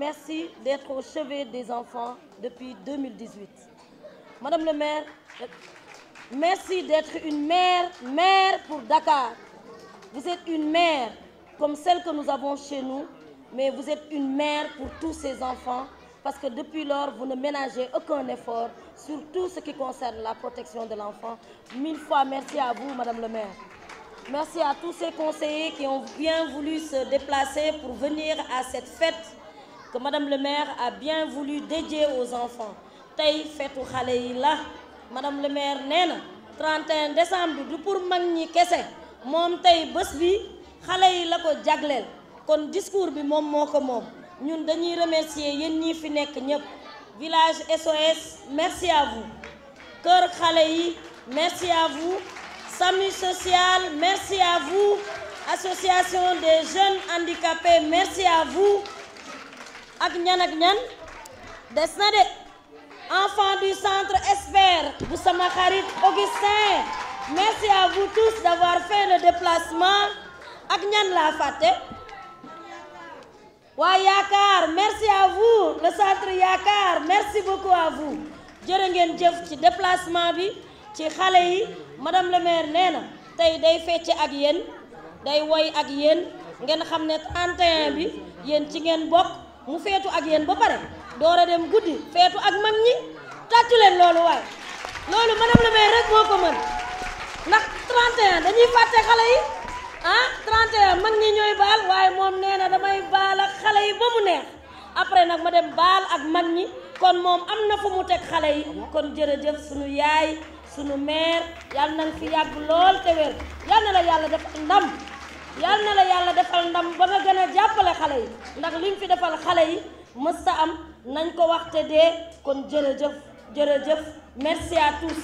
Merci d'être au chevet des enfants depuis 2018. Madame le maire, merci d'être une mère, mère pour Dakar. Vous êtes une mère comme celle que nous avons chez nous, mais vous êtes une mère pour tous ces enfants parce que depuis lors, vous ne ménagez aucun effort sur tout ce qui concerne la protection de l'enfant. Mille fois merci à vous, Madame le maire. Merci à tous ces conseillers qui ont bien voulu se déplacer pour venir à cette fête que madame le maire a bien voulu dédier aux enfants fête madame le maire le 31 décembre du pour kon discours bi mon remercier village SOS merci à vous Cœur Chalei, merci à vous SAMU social merci à vous association des jeunes handicapés merci à vous ak ñan ak ñan des na de enfant du centre Esper bu sama xarit Augustin merci à vous tous d'avoir fait le déplacement ak ñan laa fàtte waa merci à vous le centre yakar merci beaucoup à vous jërë ngeen jëf déplacement bi ci xale madame le maire nena. tay day fe ak yéen day way ak yéen ngeen xam bi yen ci ngeen bok mu feetu ak yéen ba pare door a dem guddi feetu ak mag ñi tàccu leen loolu waaye loolu madame le maire rek moo ko mën ndax 31 dañuy fàtte xale yi ah 31 mag ñi ñooy baal waaye moom nee na damay baal ak xale yi ba mu neex après nag ma dem baal ak mag ñi kon moom am na fu mu teg xale yi kon jërëjëf suñu yaay sunu maire yàlla na fi yàgg lool te wér yàlla na la yàlla def ndam. yalna la yalla defal ndam ba nga gëna a xalé yi ndax liñ fi defal xalé yi mësta am nañ ko waxté dé kon jërëjëf jërëjëf merci à tous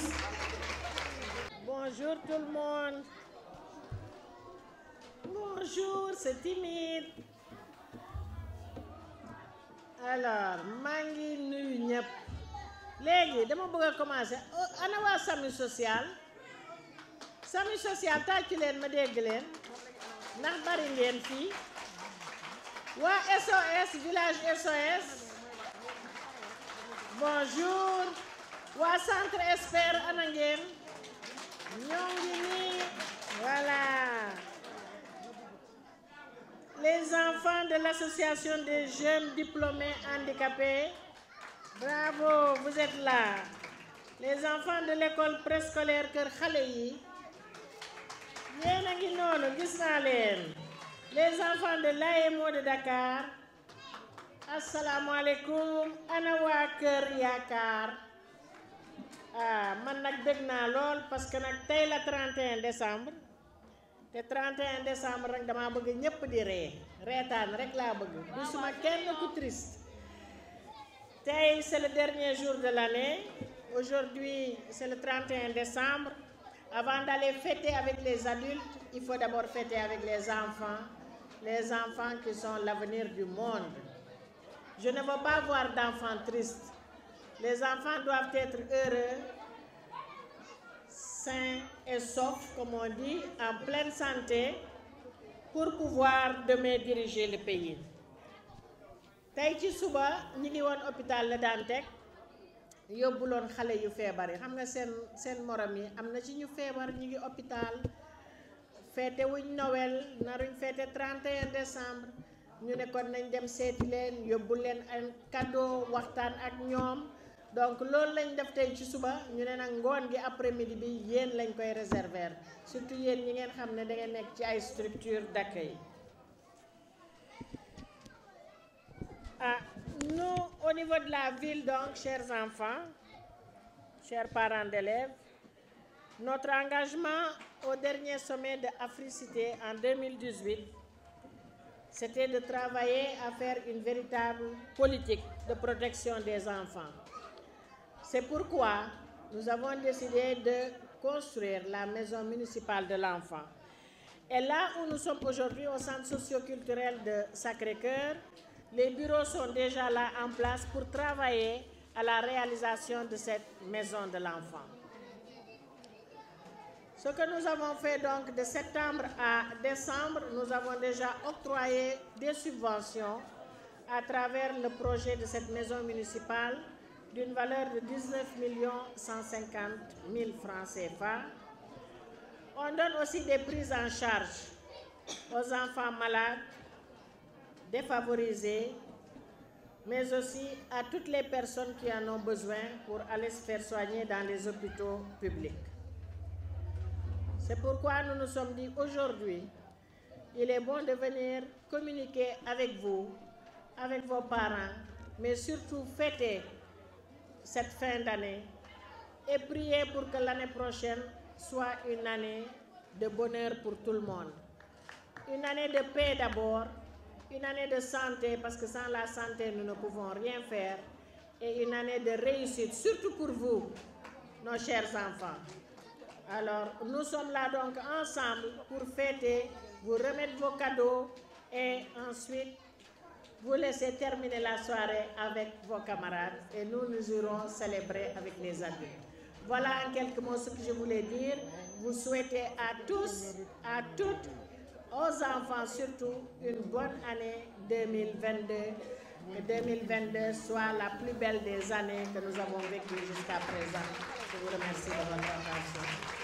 bonjour tout le monde bonjour c'est timide alors mangi ngi nuyu ñëpp léegi dama bëgg a commencer euh, ana wa sami social sami social tàccu leen ma dégg leen SOS village SOS bonjour Wa centre espère Anangem. Nyongini, voilà les enfants de l'association des jeunes diplômés handicapés bravo vous êtes là les enfants de l'école préscolaire Kher ngi les enfants de l'AEMO de Dakar Assalamu ana waa kër yaakaar ah man nag parce que nak tey la 31 décembre Le 31 décembre rek damaa bëgg ñépp di ree reetaan rek laa bëgg je kenn ku triste c'est le dernier jour de l'année aujourd'hui c'est le 31 décembre avant d'aller fêter avec les adultes, il faut d'abord fêter avec les enfants, les enfants qui sont l'avenir du monde. Je ne veux pas voir d'enfants tristes. Les enfants doivent être heureux, sains et saufs, comme on dit, en pleine santé, pour pouvoir demain diriger le pays. Taïti Souba, hôpital Dantec yóbbuloon xale yu feebar yi xam nga seen seen moroom yi am na ci ñu feebar ñu ngi hôpital feete wuñ Noël naruñ feete 31 décembre ñu ne kon nañ dem seeti leen yóbbu leen ay cadeau waxtaan ak ñoom donc loolu lañ def tey ci suba ñu ne nag ngoon gi après midi bi yéen lañ koy réserver surtout yeen ñi ngeen xam ne dangeen ngeen nekk ci ay structure d'accueil ah non niveau de la ville, donc, chers enfants, chers parents d'élèves, notre engagement au dernier sommet de Africité en 2018, c'était de travailler à faire une véritable politique de protection des enfants. C'est pourquoi nous avons décidé de construire la maison municipale de l'enfant. Et là où nous sommes aujourd'hui, au centre socioculturel de Sacré-Cœur, les bureaux sont déjà là en place pour travailler à la réalisation de cette maison de l'enfant. Ce que nous avons fait donc de septembre à décembre, nous avons déjà octroyé des subventions à travers le projet de cette maison municipale d'une valeur de 19 150 000 francs CFA. On donne aussi des prises en charge aux enfants malades défavorisés, mais aussi à toutes les personnes qui en ont besoin pour aller se faire soigner dans les hôpitaux publics. C'est pourquoi nous nous sommes dit aujourd'hui, il est bon de venir communiquer avec vous, avec vos parents, mais surtout fêter cette fin d'année et prier pour que l'année prochaine soit une année de bonheur pour tout le monde. Une année de paix d'abord, une année de santé, parce que sans la santé, nous ne pouvons rien faire, et une année de réussite, surtout pour vous, nos chers enfants. Alors, nous sommes là donc ensemble pour fêter, vous remettre vos cadeaux et ensuite vous laisser terminer la soirée avec vos camarades et nous nous irons célébrer avec les adultes. Voilà en quelques mots ce que je voulais dire. Vous souhaitez à tous, à toutes, aux enfants surtout une bonne année 2022, que 2022 soit la plus belle des années que nous avons vécues jusqu'à présent. Je vous remercie de votre attention.